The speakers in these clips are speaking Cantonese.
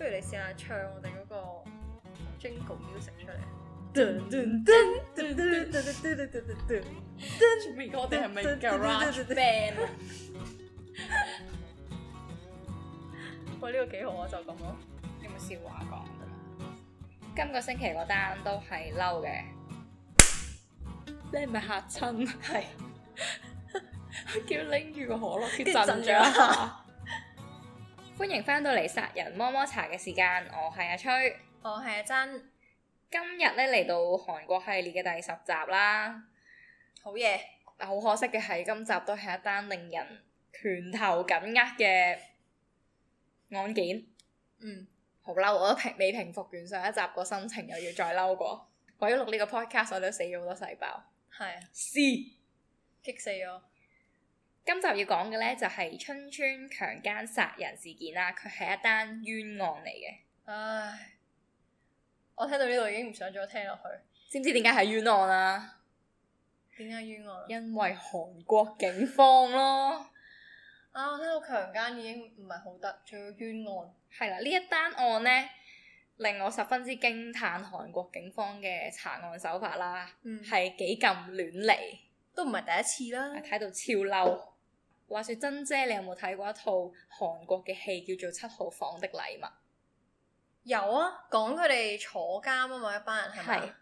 不如你試下唱我哋嗰個 Jingle Music 出嚟、 這個。我喂，呢個幾好啊，就咁咯。有冇笑話講㗎喇？今個星期嗰單都係嬲嘅。你係咪吓親，係叫拎住個可樂跌震咗。歡迎翻到嚟殺人摸摸茶嘅時間，我係阿崔，我係阿珍。今日咧嚟到韓國系列嘅第十集啦，好嘢耶！好可惜嘅係，今集都係一單令人拳頭緊握嘅案件。嗯，好嬲！我都平未平復完上一集個心情，又要再嬲過。為咗錄呢個 podcast，我都死咗好多細胞。係、啊，是，激死咗！今集要講嘅咧就係春川強姦殺人事件啦，佢係一單冤案嚟嘅。唉，我聽到呢度已經唔想再聽落去。知唔知點解係冤案啊？點解冤案？因為韓國警方咯。 啊，我聽到強姦已經唔係好得，仲要冤案。係啦，呢一單案呢，令我十分之驚嘆韓國警方嘅查案手法啦，係幾咁亂嚟。亂都唔係第一次啦，睇到超嬲。話説珍姐，你有冇睇過一套韓國嘅戲叫做《七號房的禮物》？有啊，講佢哋坐監啊嘛，一班人係咪？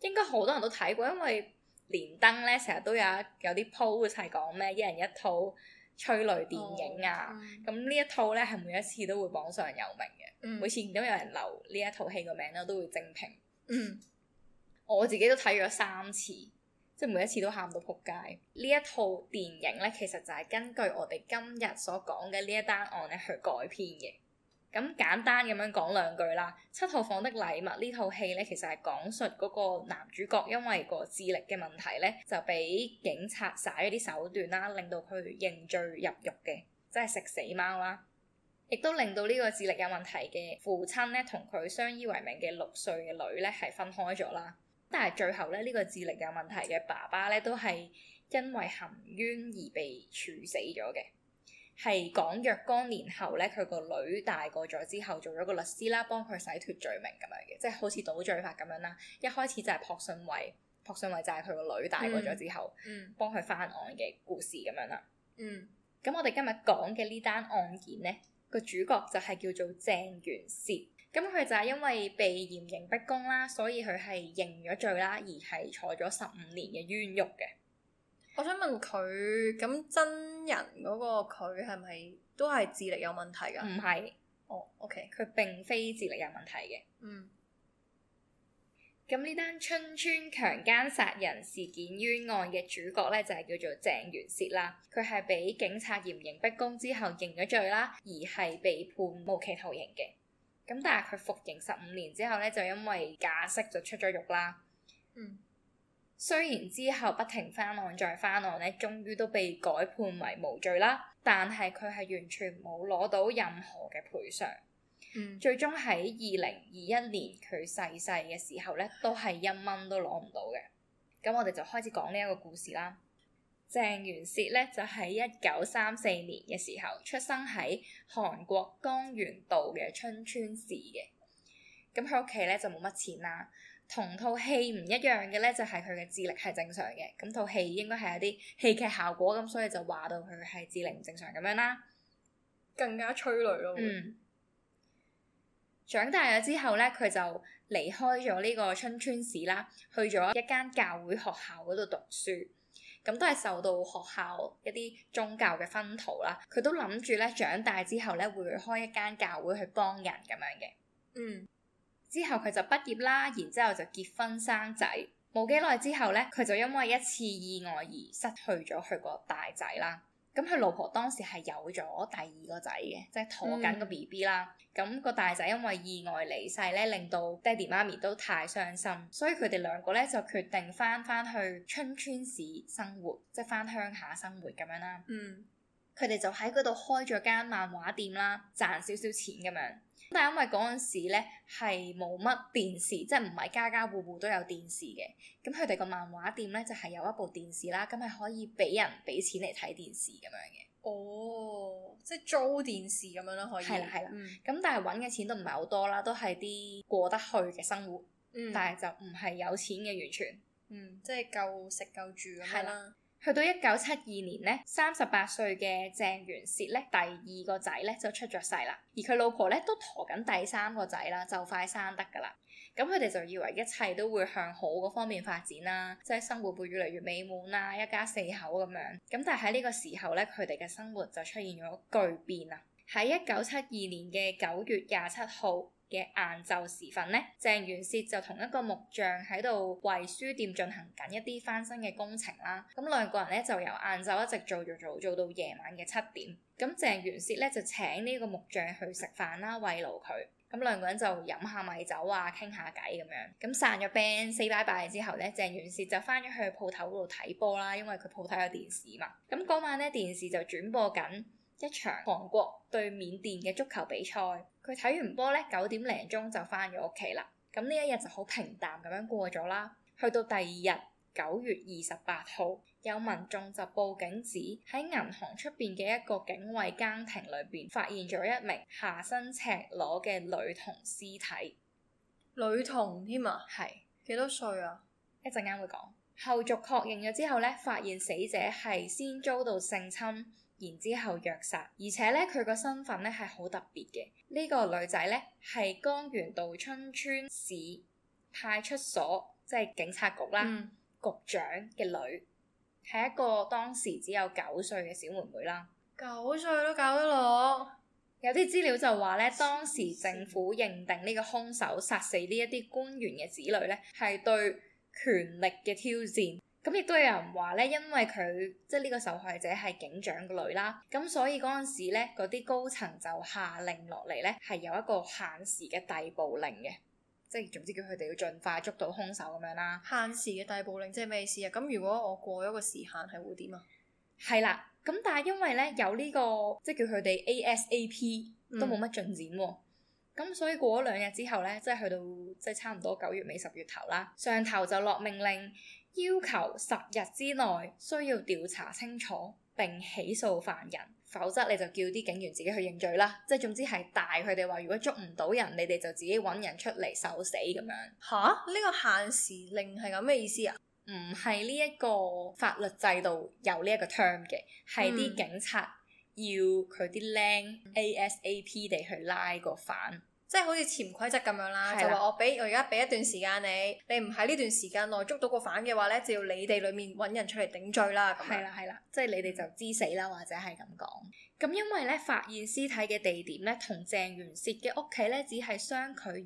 應該好多人都睇過，因為連登咧成日都有有啲 po 係講咩一人一套催淚電影啊，咁呢、哦嗯、一套咧係每一次都會榜上有名嘅，嗯、每次如果有人留呢一套戲個名咧，都會正評。嗯，我自己都睇咗三次。即係每一次都喊到仆街。呢一套電影呢，其實就係根據我哋今日所講嘅呢一單案呢去改編嘅。咁簡單咁樣講兩句啦，《七號房的禮物》呢套戲呢，其實係講述嗰個男主角因為個智力嘅問題呢，就俾警察耍咗啲手段啦，令到佢認罪入獄嘅，即係食死貓啦。亦都令到呢個智力有問題嘅父親呢，同佢相依為命嘅六歲嘅女呢，係分開咗啦。但係最後咧，呢、這個智力有問題嘅爸爸咧，都係因為含冤而被處死咗嘅。係講若干年後咧，佢個女大個咗之後，做咗個律師啦，幫佢洗脫罪名咁樣嘅，即係好似賭罪法咁樣啦。一開始就係朴信惠，朴信惠就係佢個女大個咗之後，嗯，幫佢翻案嘅故事咁樣啦。嗯，咁、嗯、我哋今日講嘅呢單案件咧，個主角就係叫做鄭元燮。咁佢就係因為被嚴刑逼供啦，所以佢係認咗罪啦，而係坐咗十五年嘅冤獄嘅。我想問佢，咁真人嗰個佢係咪都係智力有問題噶？唔係是，哦、oh，OK，佢並非智力有問題嘅。嗯。咁呢單春川強姦殺人事件冤案嘅主角咧，就係、是、叫做鄭元燮啦。佢係俾警察嚴刑逼供之後認咗罪啦，而係被判無期徒刑嘅。咁但係佢服刑十五年之後咧，就因為假釋就出咗獄啦。嗯，雖然之後不停翻案再翻案咧，終於都被改判為無罪啦。但係佢係完全冇攞到任何嘅賠償。嗯，最終喺二零二一年佢逝世嘅時候咧，都係一蚊都攞唔到嘅。咁我哋就開始講呢一個故事啦。鄭元燮咧就喺一九三四年嘅時候出生喺韓國江原道嘅春川市嘅，咁佢屋企咧就冇乜錢啦。同套戲唔一樣嘅咧就係佢嘅智力係正常嘅，咁套戲應該係有啲戲劇效果，咁所以就話到佢係智力唔正常咁樣啦，更加催淚咯。嗯，長大咗之後咧，佢就離開咗呢個春川市啦，去咗一間教會學校嗰度讀書。咁都係受到學校一啲宗教嘅熏陶啦，佢都諗住咧長大之後咧會開一間教會去幫人咁樣嘅。嗯，之後佢就畢業啦，然之後就結婚生仔，冇幾耐之後咧，佢就因為一次意外而失去咗佢個大仔啦。咁佢老婆當時係有咗第二個仔嘅，即係妥緊個 BB 啦。咁、嗯、個大仔因為意外離世咧，令到爹哋媽咪都太傷心，所以佢哋兩個咧就決定翻翻去春川市生活，即係翻鄉下生活咁樣啦。嗯。佢哋就喺嗰度開咗間漫畫店啦，賺少少錢咁樣。但係因為嗰陣時咧係冇乜電視，即係唔係家家戶戶都有電視嘅。咁佢哋個漫畫店咧就係有一部電視啦，咁係可以俾人俾錢嚟睇電視咁樣嘅。哦，即係租電視咁樣咯，可以。係、嗯、啦，係啦。咁、嗯、但係揾嘅錢都唔係好多啦，都係啲過得去嘅生活，嗯、但係就唔係有錢嘅完全。嗯，即係夠食夠住咁樣啦。去到一九七二年呢，三十八歲嘅鄭元燮咧第二個仔咧就出咗世啦，而佢老婆咧都陀緊第三個仔啦，就快生得噶啦。咁佢哋就以為一切都會向好個方面發展啦，即係生活會越嚟越美滿啦，一家四口咁樣。咁但係喺呢個時候咧，佢哋嘅生活就出現咗巨變啊！喺一九七二年嘅九月廿七號。嘅晏晝時分呢，鄭元燮就同一個木匠喺度為書店進行緊一啲翻新嘅工程啦。咁兩個人呢，就由晏晝一直做做做做到夜晚嘅七點。咁鄭元燮呢，就請呢個木匠去食飯啦，慰勞佢。咁兩個人就飲下米酒啊，傾下偈咁樣。咁散咗 band 四禮拜之後呢，鄭元燮就翻咗去鋪頭度睇波啦，因為佢鋪頭有電視嘛。咁嗰晚呢，電視就轉播緊一場韓國對緬甸嘅足球比賽，佢睇完波咧，九點零鐘就翻咗屋企啦。咁呢一日就好平淡咁樣過咗啦。去到第二日九月二十八號，有民眾就報警指，喺銀行出邊嘅一個警衛更亭裏邊發現咗一名下身赤裸嘅女童屍體，女童添啊，係幾是多歲啊？一陣間會講。後續確認咗之後呢，發現死者係先遭到性侵。然之後虐殺，而且咧佢個身份咧係好特別嘅。呢、這個女仔咧係江原道春川市派出所，即係警察局啦，嗯、局長嘅女，係一個當時只有九歲嘅小妹妹啦。九歲都搞得落。有啲資料就話咧，當時政府認定呢個兇手殺死呢一啲官員嘅子女咧，係對權力嘅挑戰。咁亦都有人話咧，因為佢即係呢個受害者係警長個女啦，咁所以嗰陣時咧，嗰啲高層就下令落嚟咧，係有一個限時嘅逮捕令嘅，即係總之叫佢哋要盡快捉到兇手咁樣啦。限時嘅逮捕令即係咩意思啊？咁如果我過咗個時限，係會點啊？係啦，咁但係因為咧有呢、呢個即係叫佢哋 A S A P 都冇乜進展喎、啊，咁、嗯、所以過咗兩日之後咧，即係去到即係差唔多九月尾十月頭啦，上頭就落命令。要求十日之內需要調查清楚並起訴犯人，否則你就叫啲警員自己去認罪啦。即係總之係大佢哋話，如果捉唔到人，你哋就自己揾人出嚟受死咁樣。吓，呢、這個限時令係咁嘅意思啊？唔係呢一個法律制度有呢一個 term 嘅，係啲、嗯、警察要佢啲靚 ASAP 地去拉個犯。即係好似潛規則咁樣啦，的就話我俾我而家俾一段時間你，你唔喺呢段時間內捉到個犯嘅話咧，就要你哋裡面揾人出嚟頂罪啦。係啦係啦，即係你哋就知死啦，或者係咁講。咁因為咧發現屍體嘅地點咧，同鄭元燮嘅屋企咧，只係相距二百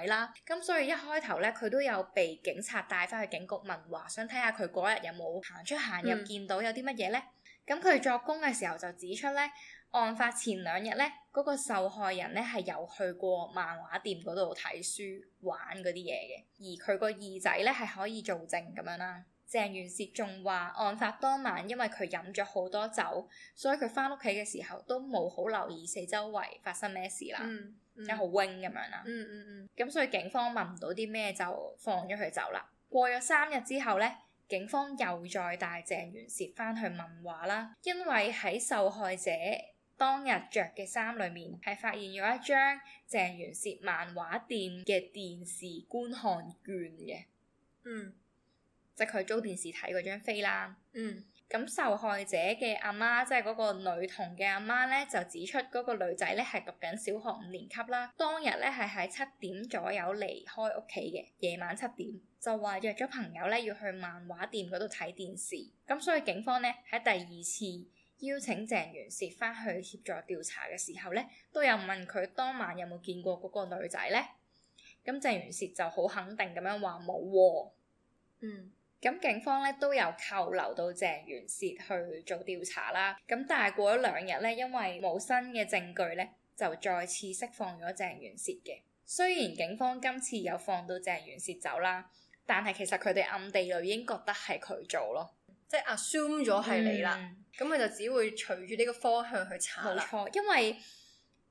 米啦。咁所以一開頭咧，佢都有被警察帶翻去警局問話，想睇下佢嗰日有冇行出行入，嗯、見到有啲乜嘢咧。咁佢作供嘅時候就指出咧，案發前兩日咧，嗰、嗰個受害人咧係有去過漫畫店嗰度睇書玩嗰啲嘢嘅，而佢個二仔咧係可以做證咁樣啦。鄭元燮仲話，案發當晚因為佢飲咗好多酒，所以佢翻屋企嘅時候都冇好留意四周圍發生咩事啦，因為好暈咁樣啦。咁、嗯嗯嗯嗯、所以警方問唔到啲咩就放咗佢走啦。過咗三日之後咧。警方又再帶鄭元燮翻去問話啦，因為喺受害者當日着嘅衫裏面係發現有一張鄭元燮漫畫店嘅電視觀看券嘅，嗯，即係佢租電視睇嗰張飛啦，嗯。咁受害者嘅阿媽，即係嗰個女童嘅阿媽呢，就指出嗰個女仔呢係讀緊小學五年級啦。當日呢係喺七點左右離開屋企嘅，夜晚七點就話約咗朋友呢要去漫畫店嗰度睇電視。咁所以警方呢，喺第二次邀請鄭元燮翻去協助調查嘅時候呢，都有問佢當晚有冇見過嗰個女仔呢？咁鄭元燮就好肯定咁樣話冇。嗯。咁警方咧都有扣留到鄭元燮去做調查啦。咁但係過咗兩日咧，因為冇新嘅證據咧，就再次釋放咗鄭元燮嘅。雖然警方今次有放到鄭元燮走啦，但係其實佢哋暗地裏已經覺得係佢做咯，即係 assume 咗係你啦。咁佢、嗯、就只會隨住呢個方向去查啦。冇錯，因為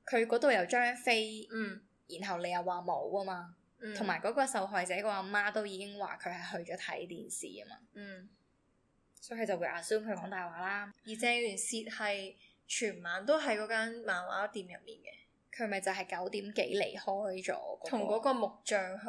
佢嗰度有張飛，嗯，然後你又話冇啊嘛。同埋嗰個受害者個阿媽都已經話佢係去咗睇電視啊嘛，嗯、所以佢就會阿孫佢講大話啦。嗯、而且嗰段事係全晚都喺嗰間漫畫店入面嘅，佢咪就係九點幾離開咗，那個，同嗰個木匠去，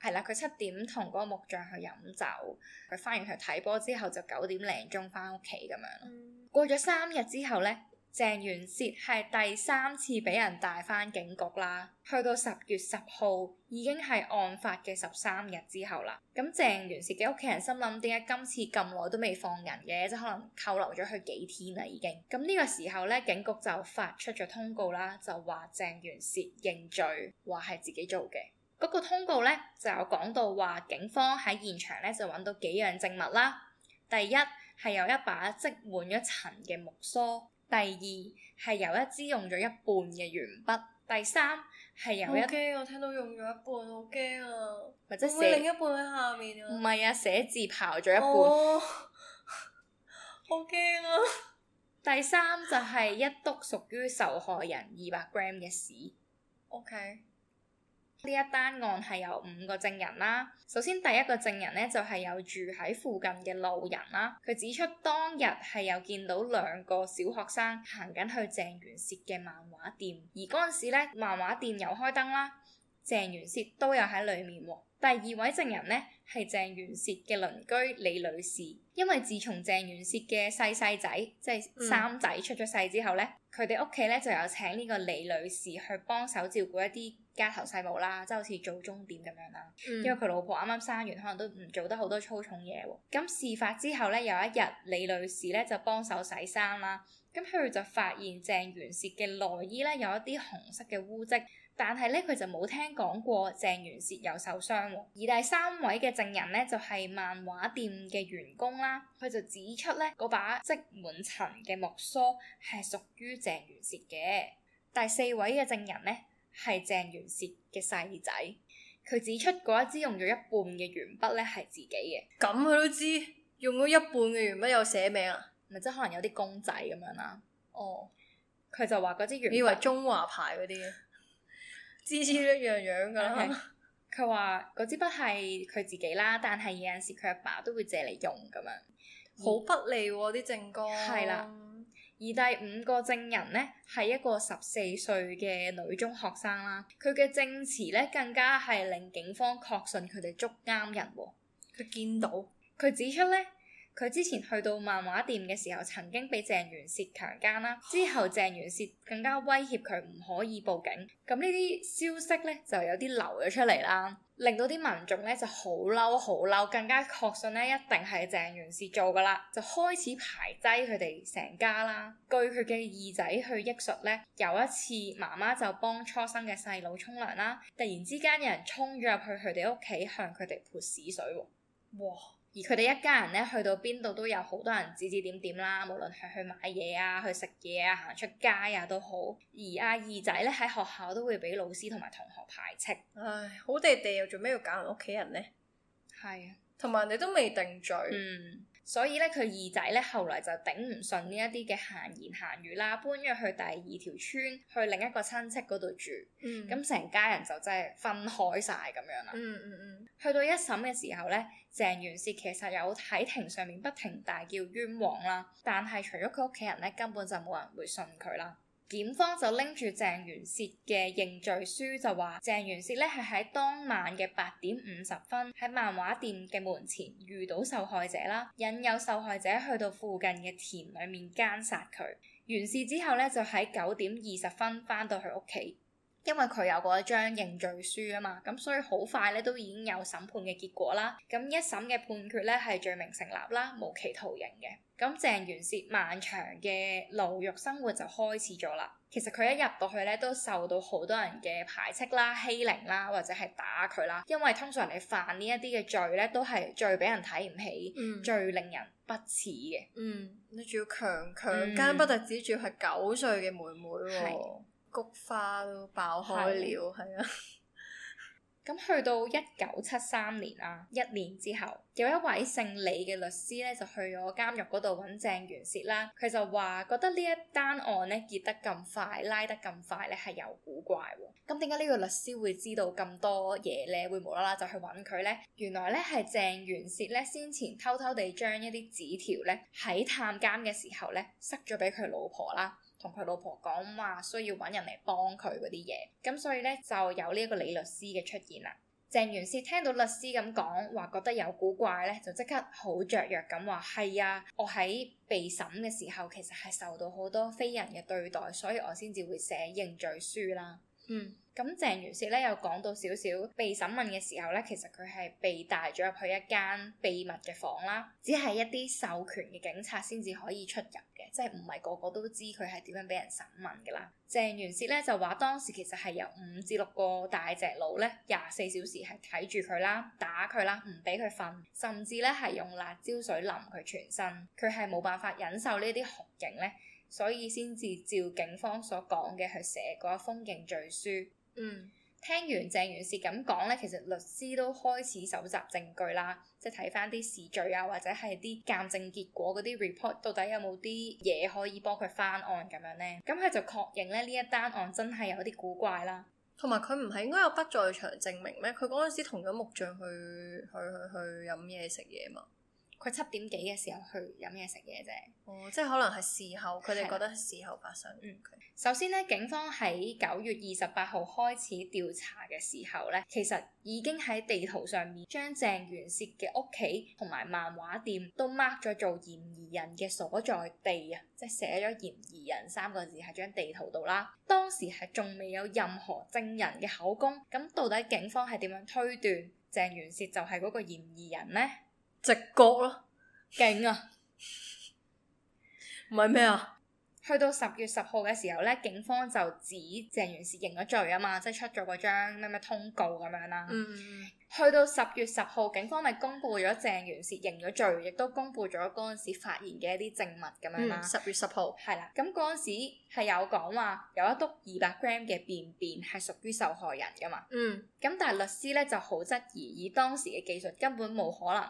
係啦。佢七點同嗰個木匠去飲酒，佢翻完去睇波之後就九點零鐘翻屋企咁樣。嗯、過咗三日之後咧。鄭元燮係第三次俾人帶返警局啦，去到十月十號已經係案發嘅十三日之後啦。咁鄭元燮嘅屋企人心諗，點解今次咁耐都未放人嘅？即可能扣留咗佢幾天啦，已經咁呢個時候呢，警局就發出咗通告啦，就話鄭元燮認罪，話係自己做嘅嗰、嗰個通告呢，就有講到話，警方喺現場呢，就揾到幾樣證物啦。第一係有一把積滿咗塵嘅木梳。第二係有一支用咗一半嘅鉛筆，第三係有一，好驚！我聽到用咗一半，好驚啊！或者寫另一半喺下面啊？唔係啊，寫字刨咗一半。Oh, 好驚啊！第三就係一篤屬於受害人二百 gram 嘅屎。O K。呢一單案係有五個證人啦。首先第一個證人呢，就係、是、有住喺附近嘅路人啦，佢指出當日係有見到兩個小學生行緊去鄭元燮嘅漫畫店，而嗰陣時呢漫畫店有開燈啦，鄭元燮都有喺裡面喎、啊。第二位證人呢，係鄭元燮嘅鄰居李女士，因為自從鄭元燮嘅細細仔即係三仔出咗世之後呢。嗯佢哋屋企咧就有請呢個李女士去幫手照顧一啲家頭細務啦，即係好似做鐘點咁樣啦。嗯、因為佢老婆啱啱生完，可能都唔做得好多粗重嘢喎。咁事發之後咧，有一日李女士咧就幫手洗衫啦。咁佢就發現鄭元燮嘅內衣咧有一啲紅色嘅污漬。但係咧，佢就冇聽講過鄭元燮有受傷。而第三位嘅證人咧，就係漫畫店嘅員工啦，佢就指出咧，嗰把積滿塵嘅木梳係屬於鄭元燮嘅。第四位嘅證人咧，係鄭元燮嘅細仔，佢指出嗰一支用咗一半嘅鉛筆咧係自己嘅。咁佢都知用咗一半嘅鉛筆有寫名啊，咪即係可能有啲公仔咁樣啦。哦，佢就話嗰支鉛筆以為中華牌嗰啲。支似一樣樣噶啦，佢話嗰支筆係佢自己啦，但係有陣時佢阿爸，爸都會借嚟用咁樣，而好不利啲證供。係啦，而第五個證人呢，係一個十四歲嘅女中學生啦，佢嘅證詞呢，更加係令警方確信佢哋捉啱人，啊。佢見到佢指出呢。佢之前去到漫畫店嘅時候，曾經俾鄭元燮強姦啦。之後鄭元燮更加威脅佢唔可以報警。咁呢啲消息咧，就有啲流咗出嚟啦，令到啲民眾咧就好嬲，好嬲，更加確信咧一定係鄭元燮做噶啦，就開始排擠佢哋成家啦。據佢嘅二仔去憶述咧，有一次媽媽就幫初生嘅細佬沖涼啦，突然之間有人衝咗入去佢哋屋企，向佢哋潑屎水喎！哇！而佢哋一家人咧，去到邊度都有好多人指指點點啦，無論係去買嘢啊、去食嘢啊、行出街啊都好。而阿二仔咧喺學校都會俾老師同埋同學排斥。唉，好地地又做咩要搞人屋企人呢？係啊，同埋你都未定罪。嗯。所以咧，佢二仔咧，後嚟就頂唔順呢一啲嘅閒言閒語啦，搬咗去第二條村，去另一個親戚嗰度住。咁成、嗯、家人就真係分開晒咁樣啦、嗯嗯嗯。去到一審嘅時候咧，鄭元燮其實有喺庭上面不停大叫冤枉啦，但係除咗佢屋企人咧，根本就冇人會信佢啦。檢方就拎住鄭元燮嘅認罪書就，就話鄭元燮咧係喺當晚嘅八點五十分喺漫畫店嘅門前遇到受害者啦，引誘受害者去到附近嘅田裏面姦殺佢，完事之後咧就喺九點二十分翻到去屋企。因為佢有過一張認罪書啊嘛，咁所以好快咧都已經有審判嘅結果啦。咁一審嘅判決咧係罪名成立啦，無期徒刑嘅。咁鄭元燮漫長嘅牢獄生活就開始咗啦。其實佢一入到去咧都受到好多人嘅排斥啦、欺凌啦，或者係打佢啦。因為通常你犯呢一啲嘅罪咧，都係最俾人睇唔起，嗯、最令人不齒嘅。嗯，你仲要強強姦，嗯、不但止仲要係九歲嘅妹妹、啊。菊花都爆開了，係啊！咁 去到一九七三年啊，一年之後，有一位姓李嘅律師咧，就去咗監獄嗰度揾鄭元燮啦。佢就話覺得呢一單案咧結得咁快，拉得咁快咧係有古怪喎。咁點解呢個律師會知道咁多嘢咧？會無啦啦就去揾佢呢？原來咧係鄭元燮咧先前偷偷地將一啲紙條咧喺探監嘅時候咧塞咗俾佢老婆啦。同佢老婆講話需要揾人嚟幫佢嗰啲嘢，咁所以呢，就有呢一個李律師嘅出現啦。鄭元燮聽到律師咁講話覺得有古怪呢，就即刻好雀躍咁話：係啊，我喺被審嘅時候其實係受到好多非人嘅對待，所以我先至會寫認罪書啦。嗯，咁鄭元燮咧又講到少少，被審問嘅時候咧，其實佢係被帶咗入去一間秘密嘅房啦，只係一啲授權嘅警察先至可以出入嘅，即係唔係個個都知佢係點樣俾人審問噶啦。鄭元燮咧就話當時其實係有五至六個大隻佬咧，廿四小時係睇住佢啦，打佢啦，唔俾佢瞓，甚至咧係用辣椒水淋佢全身，佢係冇辦法忍受呢啲酷刑咧。所以先至照警方所講嘅去寫嗰封認罪書。嗯，聽完鄭元燮咁講呢，其實律師都開始搜集證據啦，即係睇翻啲事證啊，或者係啲鑑證結果嗰啲 report，到底有冇啲嘢可以幫佢翻案咁樣呢？咁佢就確認咧呢一單案真係有啲古怪啦。同埋佢唔係應該有不在場證明咩？佢嗰陣時同咗木匠去去去去飲嘢食嘢嘛？佢七點幾嘅時候去飲嘢食嘢啫，哦，即係可能係事後，佢哋覺得事後發生。的嗯，首先呢，警方喺九月二十八號開始調查嘅時候呢，其實已經喺地圖上面將鄭元燮嘅屋企同埋漫畫店都 mark 咗做嫌疑人嘅所在地啊，即係寫咗嫌疑人三個字喺張地圖度啦。當時係仲未有任何證人嘅口供，咁到底警方係點樣推斷鄭元燮就係嗰個嫌疑人呢？直覺咯，勁啊！唔係咩啊？嗯、去到十月十號嘅時候咧，警方就指鄭元燮認咗罪啊嘛，即係出咗嗰張咩咩通告咁樣啦、啊。嗯。去到十月十號，警方咪公布咗鄭元燮認咗罪，亦都公布咗嗰陣時發現嘅一啲證物咁樣、啊嗯、10 10啦。十月十號係啦，咁嗰陣時係有講話有一篤二百 gram 嘅便便係屬於受害人噶嘛。嗯。咁但係律師咧就好質疑，以當時嘅技術根本冇可能。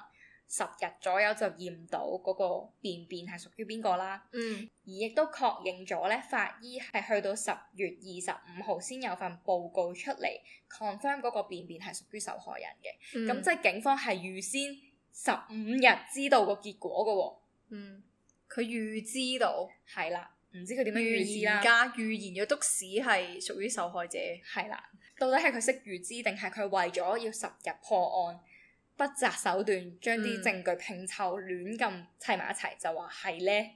十日左右就驗到嗰個便便係屬於邊個啦，而亦都確認咗咧，法醫係去到十月二十五號先有份報告出嚟 confirm 嗰個便便係屬於受害人嘅，咁即係警方係預先十五日知道個結果嘅喎。嗯，佢預知到係啦，唔知佢點樣預知啦？而家預言咗篤屎係屬於受害者係啦，到底係佢識預知定係佢為咗要十日破案？不擇手段將啲證據拼湊，亂咁、嗯、砌埋一齊就話係呢？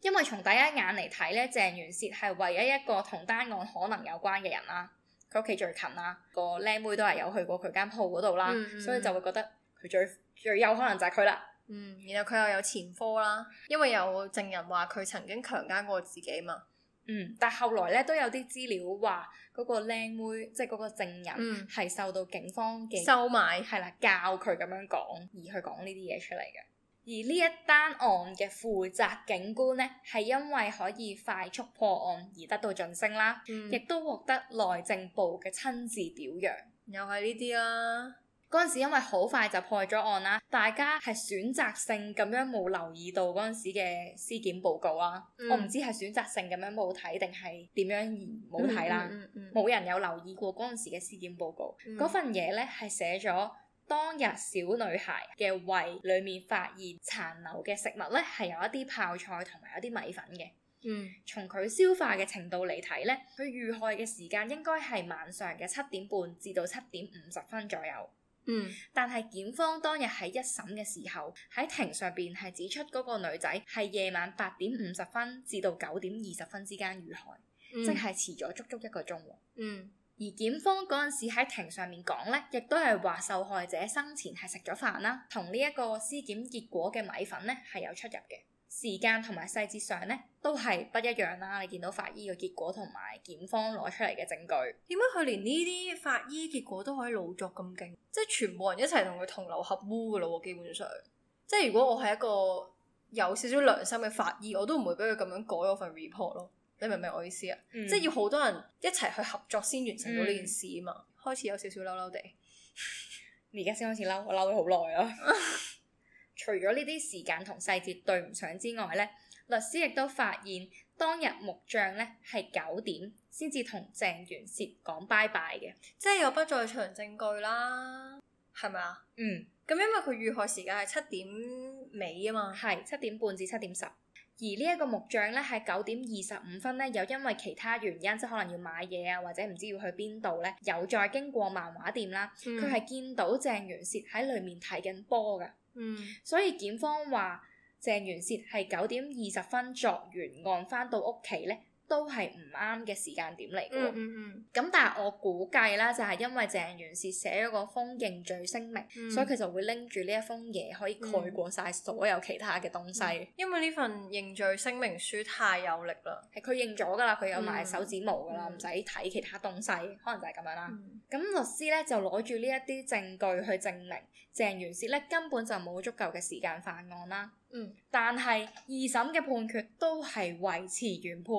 因為從第一眼嚟睇咧，鄭元燮係唯一一個同單案可能有關嘅人啦。佢屋企最近啦，個靚妹都係有去過佢間鋪嗰度啦，嗯嗯嗯，所以就會覺得佢最最有可能就係佢啦。嗯，然後佢又有前科啦，因為有證人話佢曾經強姦過自己嘛。嗯，但係後來咧都有啲資料話嗰、嗰個靚妹，即係嗰個證人係、嗯、受到警方嘅收買，係啦教佢咁樣講而去講呢啲嘢出嚟嘅。而呢一單案嘅負責警官咧，係因為可以快速破案而得到晉升啦，亦、嗯、都獲得內政部嘅親自表揚，又係呢啲啦。嗰陣時，因為好快就破咗案啦，大家係選擇性咁樣冇留意到嗰陣時嘅屍檢報告啊！嗯、我唔知係選擇性咁樣冇睇定係點樣而冇睇啦，冇、嗯嗯嗯、人有留意過嗰陣時嘅屍檢報告。嗰、嗯、份嘢呢係寫咗當日小女孩嘅胃裡面發現殘留嘅食物呢，係有一啲泡菜同埋一啲米粉嘅。嗯，從佢消化嘅程度嚟睇呢，佢遇害嘅時間應該係晚上嘅七點半至到七點五十分左右。嗯，但係檢方當日喺一審嘅時候喺庭上邊係指出嗰個女仔係夜晚八點五十分至到九點二十分之間遇害，嗯、即係遲咗足足一個鐘。嗯，而檢方嗰陣時喺庭上面講呢，亦都係話受害者生前係食咗飯啦，同呢一個屍檢結果嘅米粉呢係有出入嘅。時間同埋細節上咧，都係不一樣啦。你見到法醫嘅結果同埋檢方攞出嚟嘅證據，點解佢連呢啲法醫結果都可以老作咁勁？即係全部人一齊同佢同流合污噶咯喎，基本上。即係如果我係一個有少少良心嘅法醫，我都唔會俾佢咁樣改咗份 report 咯。你明唔明我意思啊？嗯、即係要好多人一齊去合作先完成到呢件事啊嘛。嗯、開始有少少嬲嬲地，而家先開始嬲，我嬲咗好耐咯。 除咗呢啲時間同細節對唔上之外呢，律師亦都發現當日木匠呢係九點先至同鄭元燮講拜拜嘅，即係有不在場證據啦，係咪啊？嗯，咁因為佢遇害時間係七點尾啊嘛，係七點半至七點十。而呢一個木匠咧，喺九點二十五分咧，又因為其他原因，即係可能要買嘢啊，或者唔知要去邊度咧，有再經過漫畫店啦。佢係、嗯、見到鄭元燮喺裏面睇緊波嘅，嗯、所以檢方話鄭元燮係九點二十分作完案翻到屋企咧。都係唔啱嘅時間點嚟嘅，咁、嗯嗯嗯、但係我估計啦，就係因為鄭元燮寫咗個封認罪聲明，嗯、所以佢就會拎住呢一封嘢可以蓋過晒所有其他嘅東西。嗯、因為呢份認罪聲明書太有力啦，係佢認咗噶啦，佢有埋手指毛噶啦，唔使睇其他東西，可能就係咁樣啦。咁、嗯、律師咧就攞住呢一啲證據去證明鄭元燮咧根本就冇足夠嘅時間犯案啦。嗯，但係二審嘅判決都係維持原判。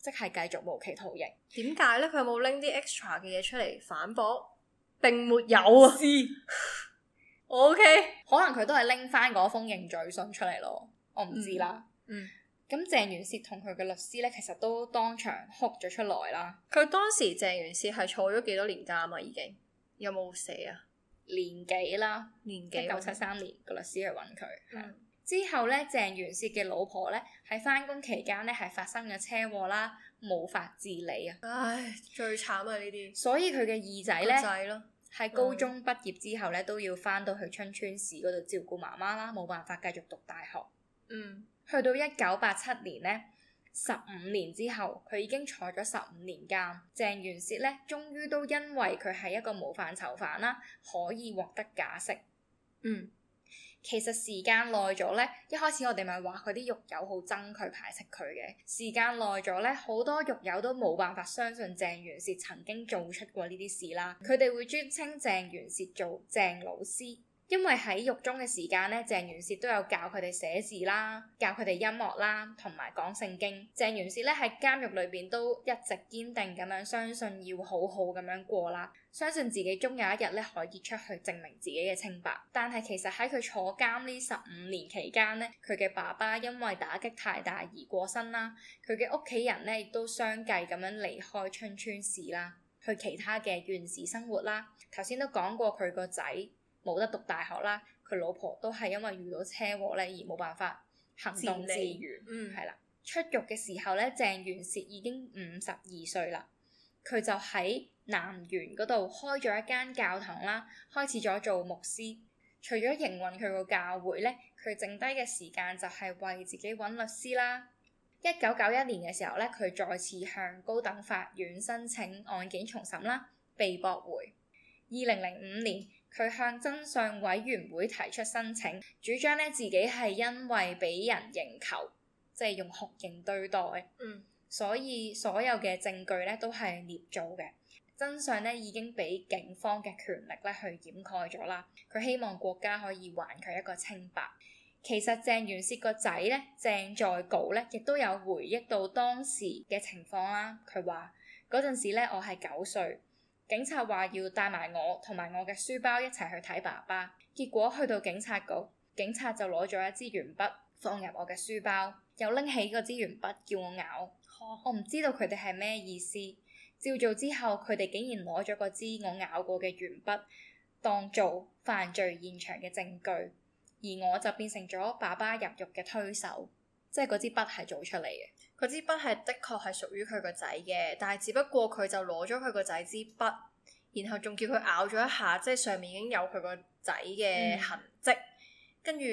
即係繼續無期徒刑呢，點解咧？佢有冇拎啲 extra 嘅嘢出嚟反駁？並沒有啊。O K，可能佢都係拎翻嗰封認罪信出嚟咯，我唔知啦嗯。嗯，咁鄭元燮同佢嘅律師咧，其實都當場哭咗出來啦。佢當時鄭元燮係坐咗幾多年監啊？已經有冇寫啊？年幾啦？年幾九七三年個律師去揾佢，係、嗯。嗯之後咧，鄭元燮嘅老婆咧喺翻工期間咧係發生咗車禍啦，無法自理啊！唉，最慘啊呢啲！所以佢嘅二仔咧，二仔囉，喺高中畢業之後咧都要翻到去春川市嗰度照顧媽媽啦，冇辦法繼續讀大學。嗯，去到一九八七年咧，十五年之後，佢已經坐咗十五年監。鄭元燮咧，終於都因為佢係一個模範囚犯啦，可以獲得假釋。嗯。其實時間耐咗呢，一開始我哋咪話佢啲獄友好憎佢排斥佢嘅，時間耐咗呢，好多獄友都冇辦法相信鄭元燮曾經做出過呢啲事啦，佢哋會尊稱鄭元燮做鄭老師。因為喺獄中嘅時間咧，鄭元燮都有教佢哋寫字啦，教佢哋音樂啦，同埋講聖經。鄭元燮咧喺監獄裏邊都一直堅定咁樣相信，要好好咁樣過啦，相信自己終有一日咧可以出去證明自己嘅清白。但係其實喺佢坐監呢十五年期間呢，佢嘅爸爸因為打擊太大而過身啦，佢嘅屋企人呢亦都相繼咁樣離開春川市啦，去其他嘅縣市生活啦。頭先都講過佢個仔。冇得讀大學啦。佢老婆都係因為遇到車禍咧，而冇辦法行動自如。自治嗯，係啦。出獄嘅時候咧，鄭元燮已經五十二歲啦。佢就喺南園嗰度開咗一間教堂啦，開始咗做牧師。除咗營運佢個教會咧，佢剩低嘅時間就係為自己揾律師啦。一九九一年嘅時候咧，佢再次向高等法院申請案件重審啦，被駁回。二零零五年。佢向真相委員會提出申請，主張咧自己係因為俾人認求，即係用酷刑對待，嗯、所以所有嘅證據咧都係捏造嘅。真相咧已經俾警方嘅權力咧去掩蓋咗啦。佢希望國家可以還佢一個清白。其實鄭元燮個仔咧鄭在稿咧，亦都有回憶到當時嘅情況啦。佢話嗰陣時咧，我係九歲。警察話要帶埋我同埋我嘅書包一齊去睇爸爸，結果去到警察局，警察就攞咗一支鉛筆放入我嘅書包，又拎起嗰支鉛筆叫我咬，哦、我唔知道佢哋係咩意思。照做之後，佢哋竟然攞咗嗰支我咬過嘅鉛筆，當做犯罪現場嘅證據，而我就變成咗爸爸入獄嘅推手，即係嗰支筆係做出嚟嘅。嗰支筆係的確係屬於佢個仔嘅，但係只不過佢就攞咗佢個仔支筆，然後仲叫佢咬咗一下，即係上面已經有佢個仔嘅痕跡，嗯、跟住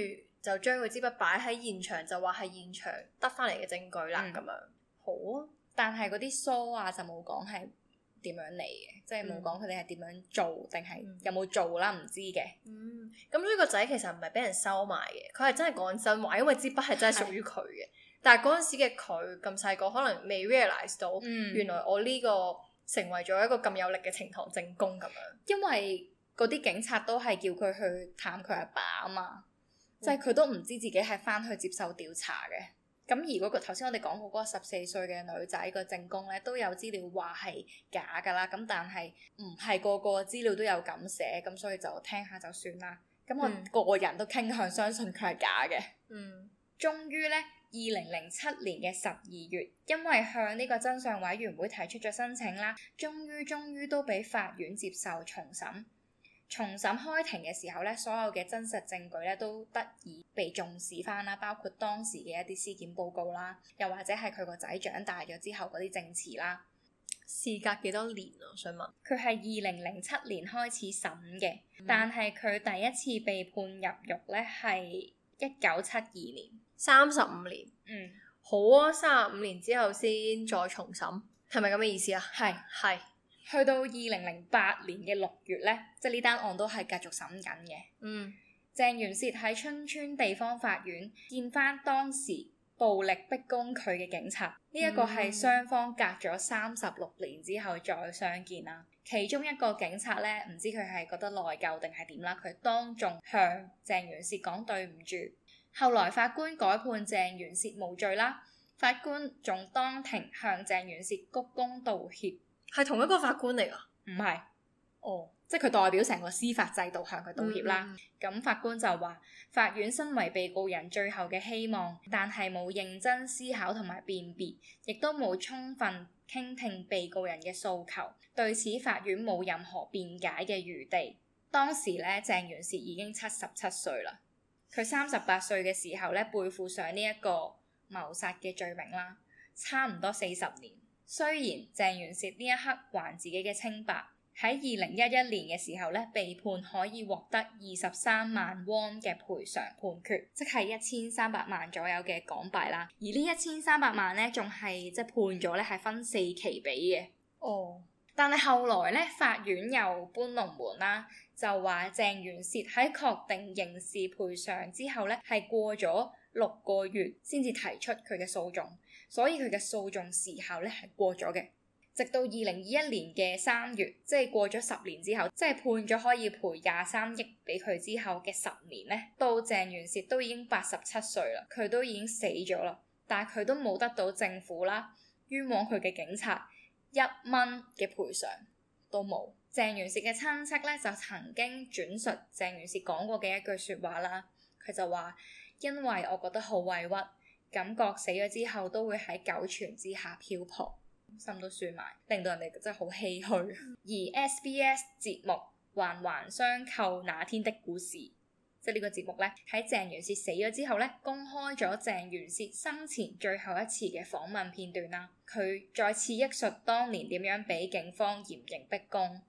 就將佢支筆擺喺現場，就話係現場得翻嚟嘅證據啦咁、嗯、樣。好，啊，但係嗰啲梳啊就冇講係點樣嚟嘅，即係冇講佢哋係點樣做定係有冇做啦，唔知嘅。嗯，咁所以個仔其實唔係俾人收埋嘅，佢係真係講真話，因為支筆係真係屬於佢嘅。 但係嗰陣時嘅佢咁細個，可能未 realize 到，原來我呢個成為咗一個咁有力嘅呈堂證供咁樣。嗯、因為嗰啲警察都係叫佢去探佢阿爸啊嘛，即係佢都唔知自己係翻去接受調查嘅。咁而嗰個頭先我哋講過嗰個十四歲嘅女仔個證供咧，都有資料話係假噶啦。咁但係唔係個個資料都有咁寫，咁所以就聽下就算啦。咁我個個人都傾向相信佢係假嘅。嗯，嗯，終於咧。二零零七年嘅十二月，因為向呢個真相委員會提出咗申請啦，終於終於都俾法院接受重審。重審開庭嘅時候咧，所有嘅真實證據咧都得以被重視翻啦，包括當時嘅一啲屍檢報告啦，又或者係佢個仔長大咗之後嗰啲證詞啦。事隔幾多年啊？我想問，佢係二零零七年開始審嘅，嗯、但係佢第一次被判入獄咧係一九七二年。三十五年，嗯，好啊，三十五年之後先再重審，係咪咁嘅意思啊？係係，去到二零零八年嘅六月呢，即係呢單案都係繼續審緊嘅。嗯，鄭元燮喺春川地方法院見翻當時暴力逼供佢嘅警察，呢一個係雙方隔咗三十六年之後再相見啦。其中一個警察呢，唔知佢係覺得內疚定係點啦，佢當眾向鄭元燮講對唔住。後來法官改判鄭元燮無罪啦。法官仲當庭向鄭元燮鞠躬道歉，係同一個法官嚟啊？唔係哦，即係佢代表成個司法制度向佢道歉啦。咁、嗯嗯、法官就話，法院身為被告人最後嘅希望，但係冇認真思考同埋辨別，亦都冇充分傾聽被告人嘅訴求，對此法院冇任何辯解嘅餘地。當時咧，鄭元燮已經七十七歲啦。佢三十八歲嘅時候咧，背負上呢一個謀殺嘅罪名啦，差唔多四十年。雖然鄭元燮呢一刻還自己嘅清白，喺二零一一年嘅時候咧，被判可以獲得二十三萬圜嘅賠償判決，即係一千三百萬左右嘅港幣啦。而呢一千三百萬咧，仲係即係判咗咧，係分四期俾嘅。哦，但係後來咧，法院又搬龍門啦。就話鄭元燮喺確定刑事賠償之後呢，係過咗六個月先至提出佢嘅訴訟，所以佢嘅訴訟時效呢係過咗嘅。直到二零二一年嘅三月，即係過咗十年之後，即係判咗可以賠廿三億俾佢之後嘅十年，呢到鄭元燮都已經八十七歲啦，佢都已經死咗啦，但係佢都冇得到政府啦、冤枉佢嘅警察一蚊嘅賠償都冇。鄭元燮嘅親戚咧，就曾經轉述鄭元燮講過嘅一句説話啦。佢就話：因為我覺得好委屈，感覺死咗之後都會喺九泉之下漂泊，心都酸埋，令到人哋真係好唏噓。 而 SBS 節目《環環相扣》那天的故事，即係呢個節目咧喺鄭元燮死咗之後咧，公開咗鄭元燮生前最後一次嘅訪問片段啦。佢再次憶述當年點樣俾警方嚴刑逼供。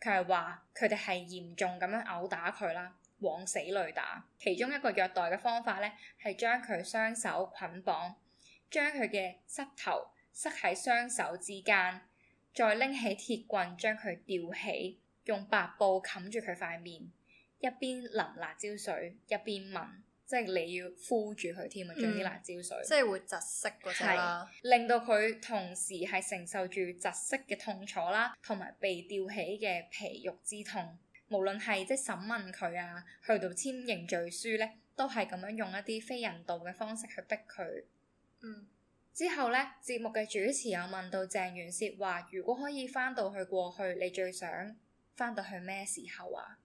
佢係話佢哋係嚴重咁樣毆打佢啦，往死裏打。其中一個虐待嘅方法呢，係將佢雙手捆綁，將佢嘅膝頭塞喺雙手之間，再拎起鐵棍將佢吊起，用白布冚住佢塊面，一邊淋辣椒水，一邊問。即係你要敷住佢添啊，將啲辣椒水，嗯、即係會窒息嗰種，令到佢同時係承受住窒息嘅痛楚啦，同埋被吊起嘅皮肉之痛。無論係即係審問佢啊，去到簽認罪書咧，都係咁樣用一啲非人道嘅方式去逼佢。嗯，之後咧，節目嘅主持又問到鄭元燮話：如果可以翻到去過去，你最想翻到去咩時候啊？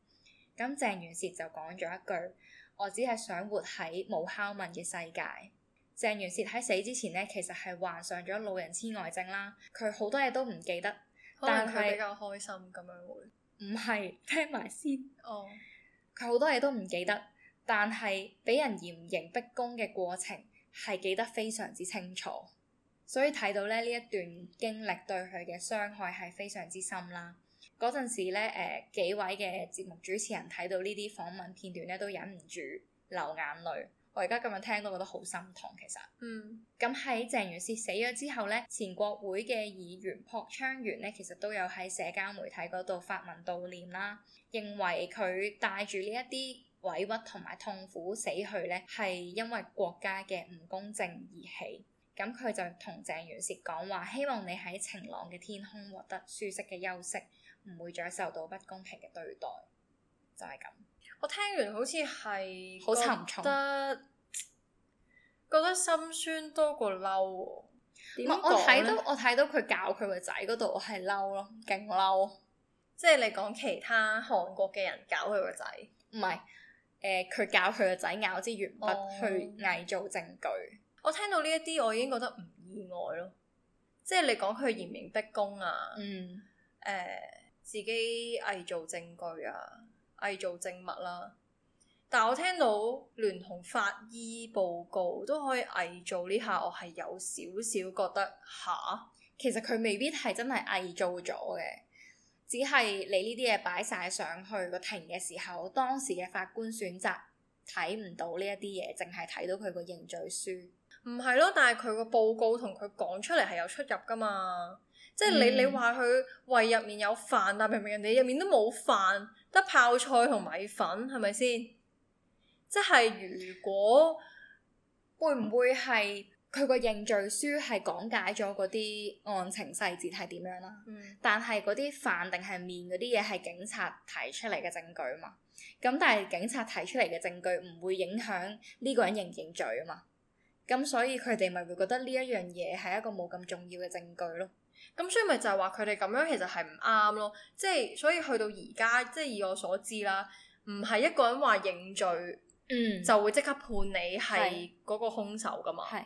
咁鄭元燮就講咗一句。我只係想活喺冇敲問嘅世界。鄭元燮喺死之前呢，其實係患上咗老人痴呆症啦。佢好多嘢都唔記得，但係比較開心咁樣會唔係聽埋先哦。佢好多嘢都唔記得，但係俾人嚴刑逼供嘅過程係記得非常之清楚，所以睇到咧呢一段經歷對佢嘅傷害係非常之深啦。嗰陣時咧，誒、呃、幾位嘅節目主持人睇到呢啲訪問片段咧，都忍唔住流眼淚。我而家咁樣聽都覺得好心痛，其實。嗯。咁喺鄭元燮死咗之後咧，前國會嘅議員朴昌元咧，其實都有喺社交媒體嗰度發文悼念啦，認為佢帶住呢一啲委屈同埋痛苦死去咧，係因為國家嘅唔公正而起。咁佢就同鄭元燮講話，希望你喺晴朗嘅天空獲得舒適嘅休息。唔會再受到不公平嘅對待，就係、是、咁。我聽完好似係好沉重，覺得心酸多過嬲。唔係，我睇到我睇到佢教佢個仔嗰度，我係嬲咯，勁嬲。即係你講其他韓國嘅人教佢個仔，唔係，誒、呃，佢教佢個仔咬支鉛筆去偽造證據。哦、我聽到呢一啲，我已經覺得唔意外咯。即係你講佢嚴刑逼供啊，嗯，誒、呃。自己偽造證據啊，偽造證物啦、啊。但我聽到聯同法醫報告都可以偽造呢下，我係有少少覺得吓，其實佢未必係真係偽造咗嘅，只係你呢啲嘢擺晒上去個庭嘅時候，當時嘅法官選擇睇唔到呢一啲嘢，淨係睇到佢個認罪書。唔係咯，但係佢個報告同佢講出嚟係有出入㗎嘛。即係你，嗯、你話佢胃入面有飯，但明明人哋入面都冇飯，得泡菜同米粉，係咪先？即係如果會唔會係佢個認罪書係講解咗嗰啲案情細節係點樣啦？嗯、但係嗰啲飯定係麵嗰啲嘢係警察提出嚟嘅證據嘛？咁但係警察提出嚟嘅證據唔會影響呢個人認唔認罪啊嘛？咁所以佢哋咪會覺得呢一樣嘢係一個冇咁重要嘅證據咯。咁所以咪就係話佢哋咁樣其實係唔啱咯，即係所以去到而家，即係以我所知啦，唔係一個人話認罪，嗯，就會即刻判你係嗰個凶手噶嘛？係是，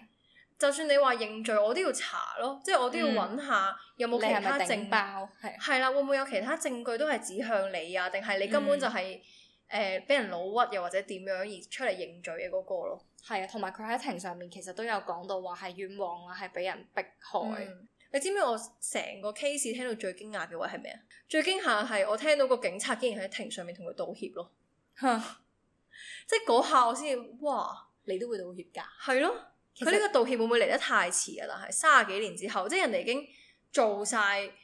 就算你話認罪，我都要查咯，即係我都要揾下、嗯、有冇其他證據，係係啦，會唔會有其他證據都係指向你啊？定係你根本就係誒俾人老屈又或者點樣而出嚟認罪嘅嗰個咯？係啊，同埋佢喺庭上面其實都有講到話係冤枉啊，係俾人逼害。嗯你知唔知我成個 case 聽到最驚訝嘅話係咩啊？最驚訝係我聽到個警察竟然喺庭上面同佢道歉咯， 即係嗰下我先哇，你都會道歉噶？係咯，佢呢個道歉會唔會嚟得太遲啊？係三十幾年之後，即係人哋已經做晒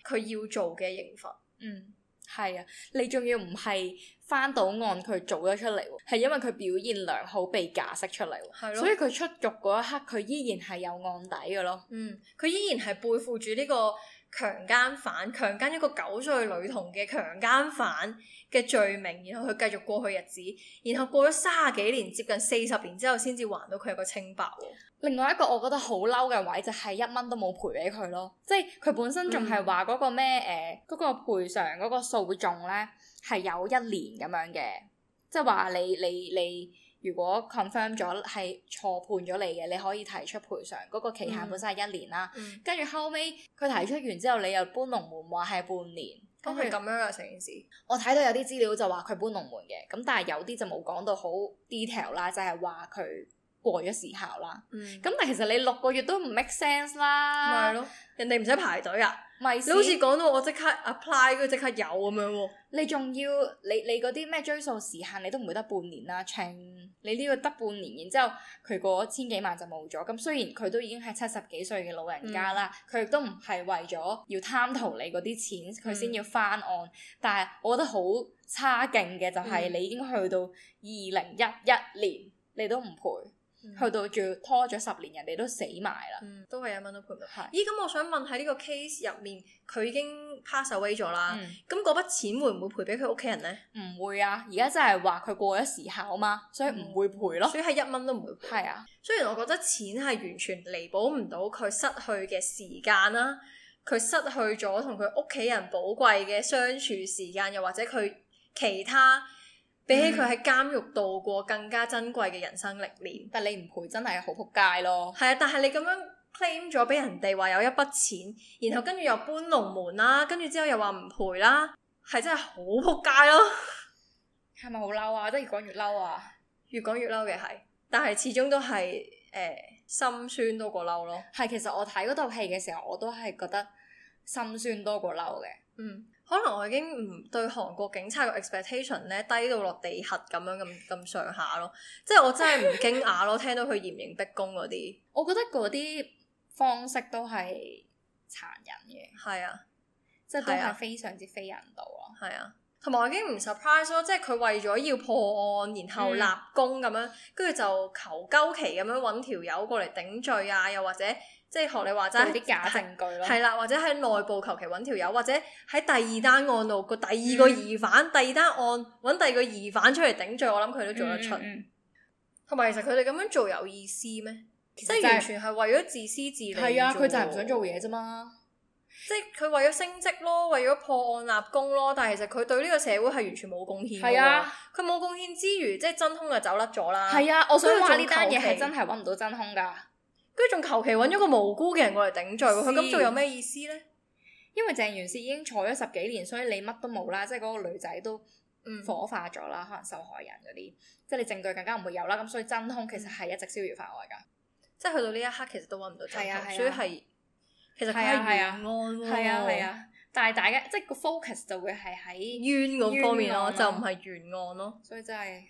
佢要做嘅刑罰。嗯，係啊，你仲要唔係？翻到案佢做咗出嚟，係因為佢表現良好被假釋出嚟，係咯，所以佢出獄嗰一刻佢依然係有案底嘅咯。嗯，佢依然係背負住呢個強姦犯強姦一個九歲女童嘅強姦犯嘅罪名，然後佢繼續過去日子，然後過咗三十幾年接近四十年之後先至還到佢一個清白。另外一個我覺得好嬲嘅位就係、是、一蚊都冇賠俾佢咯，即係佢本身仲係話嗰個咩誒嗰個賠償嗰、嗰個訴訟咧。係有一年咁樣嘅，即係話你你你如果 confirm 咗係錯判咗你嘅，你可以提出賠償。嗰、嗰個期限本身係一年啦，跟住、嗯嗯、後尾佢提出完之後，你又搬龍門話係半年。咁佢咁樣嘅成是件事，我睇到有啲資料就話佢搬龍門嘅，咁但係有啲就冇講到好 detail 啦，就係話佢過咗時效啦。咁、嗯、但係其實你六個月都唔 make sense 啦。咪係咯的，人哋唔使排隊啊！嗯你好似講到我即刻 apply 佢即刻有咁樣喎，你仲要你你嗰啲咩追訴時限你都唔會得半年啦，請你呢個得半年，然之後佢過千幾萬就冇咗，咁雖然佢都已經係七十幾歲嘅老人家啦，佢亦都唔係為咗要貪圖你嗰啲錢佢先要翻案，嗯、但係我覺得好差勁嘅就係你已經去到二零一一年你都唔賠。去到仲拖咗十年，人哋都死埋啦、嗯的。嗯，都係一蚊都賠唔到。係、嗯，咦、嗯？咁我想問喺呢個 case 入面，佢已經 pass away 咗啦。咁嗰筆錢會唔會賠俾佢屋企人呢？唔會啊！而家真係話佢過咗時效嘛，所以唔會賠咯。所以係一蚊都唔會賠。係啊的，雖然我覺得錢係完全彌補唔到佢失去嘅時間啦，佢失去咗同佢屋企人寶貴嘅相處時間，又或者佢其他。比起佢喺監獄度過更加珍貴嘅人生歷練，嗯、但你唔賠真係好仆街咯！係啊，但係你咁樣 claim 咗俾人哋話有一筆錢，然後跟住又搬龍門啦、啊，跟住之後又話唔賠啦、啊，係真係好仆街咯！係咪好嬲啊？真係越講越嬲啊！越講越嬲嘅係，但係始終都係誒心酸多過嬲咯。係，其實我睇嗰套戲嘅時候，我都係覺得心酸多過嬲嘅。嗯。可能我已經唔對韓國警察嘅 expectation 咧低到落地核咁樣咁咁上下咯，即係我真係唔驚訝咯， 聽到佢嚴刑逼供嗰啲，我覺得嗰啲方式都係殘忍嘅，係啊，即係都係非常之非人道咯，係啊，同埋、啊、我已經唔 surprise 咯，即係佢為咗要破案，然後立功咁樣，跟住、嗯、就求鳩其咁樣揾條友過嚟頂罪啊，又或者。即係學你話齋，啲假證據咯，係啦，或者喺內部求其搵條友，或者喺第二單案度個、嗯、第二個疑犯，嗯、第二單案搵第二個疑犯出嚟頂罪，我諗佢都做得出。同埋，其實佢哋咁樣做有意思咩？即係、就是、完全係為咗自私自利。係啊，佢就係唔想做嘢啫嘛。即係佢為咗升職咯，為咗破案立功咯。但係其實佢對呢個社會係完全冇貢獻。係是啊，佢冇貢獻之餘，即係真兇就走甩咗啦。係啊，我想話呢單嘢係真係搵唔到真兇噶。跟住仲求其揾咗個無辜嘅人過嚟頂罪，佢咁做有咩意思咧？因為鄭元燮已經坐咗十幾年，所以你乜都冇啦，即係嗰個女仔都火化咗啦，可能受害人嗰啲，即係你證據更加唔會有啦。咁所以真凶其實係一直逍遙法外噶，即係去到呢一刻其實都揾唔到真凶，所以係其實係冤案，係啊係啊。但係大家即係個 focus 就會係喺冤嗰方面咯，就唔係冤案咯。所以真係。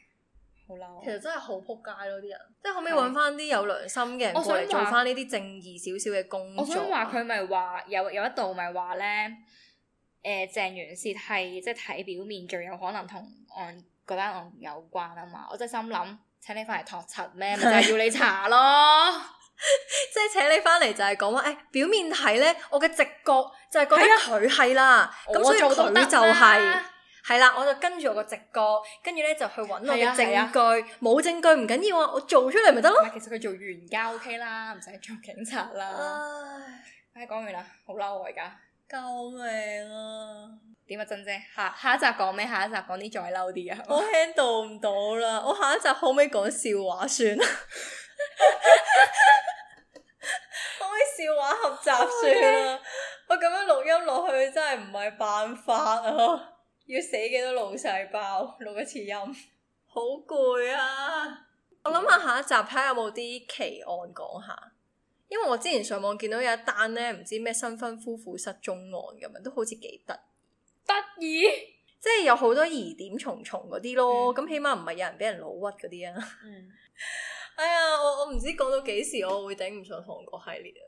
其實真係好扑街咯，啲人即係、嗯、可唔可以揾翻啲有良心嘅人嚟做翻呢啲正義少少嘅工作。我想話佢咪話有有一度咪話咧，誒、呃、鄭元燮係即係睇表面最有可能同案嗰單案有關啊嘛。我真係心諗，嗯、請你翻嚟托柒咩？咪 就係要你查咯，即係 請你翻嚟就係講，誒、哎、表面睇咧，我嘅直覺就係覺得佢係啦，咁所以佢就係、是。 係啦，我就跟住我個直覺，跟住咧就去揾我嘅證據。冇、啊啊、證據唔緊要啊，我做出嚟咪得咯。其實佢做冤交 OK 啦，唔使做警察啦。唉、啊，唉，講完啦，好嬲我而家。救命啊！點啊？珍姐，下下一集講咩？下一集講啲再嬲啲啊。我 handle 唔到啦，我下一集可唔可以講笑話算啦？可唔可以笑話合集算啊？Okay. 我咁樣錄音落去真係唔係辦法啊！要死幾多老細胞，錄一次音，好攰啊！ 我諗下下一集睇下有冇啲奇案講下，因為我之前上網見到有一單咧，唔知咩新婚夫婦失蹤案咁樣，都好似幾得意得意，即係惡有好多疑點重重嗰啲咯。咁、嗯、起碼唔係有人俾人老屈嗰啲啊。嗯、 哎呀，我我唔知講到幾時我會頂唔順韓國系列啊！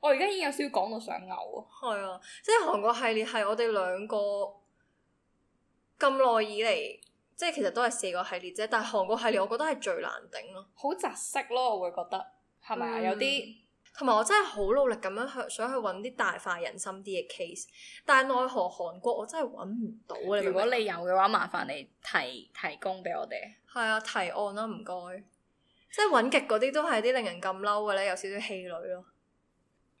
我而家已經有少少講到想嘔，係啊，即係韓國系列係我哋兩個。咁耐以嚟，即係其實都係四個系列啫。但係韓國系列，我覺得係最難頂咯，好窒息咯，我會覺得係咪啊？是是嗯、有啲同埋我真係好努力咁樣去想去揾啲大快人心啲嘅 case，但係奈何韓國我真係揾唔到啊！如果你有嘅話，麻煩你提提供俾我哋。係啊，提案啦，唔該。即係揾極嗰啲都係啲令人咁嬲嘅呢，有少少氣餒咯。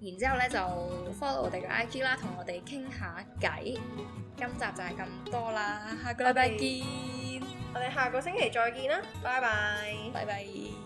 然之後咧就 follow 我哋嘅 IG 啦，同我哋傾下偈。今集就係咁多啦，下個禮拜 Okay. 見，我哋下個星期再見啦，拜拜，拜拜。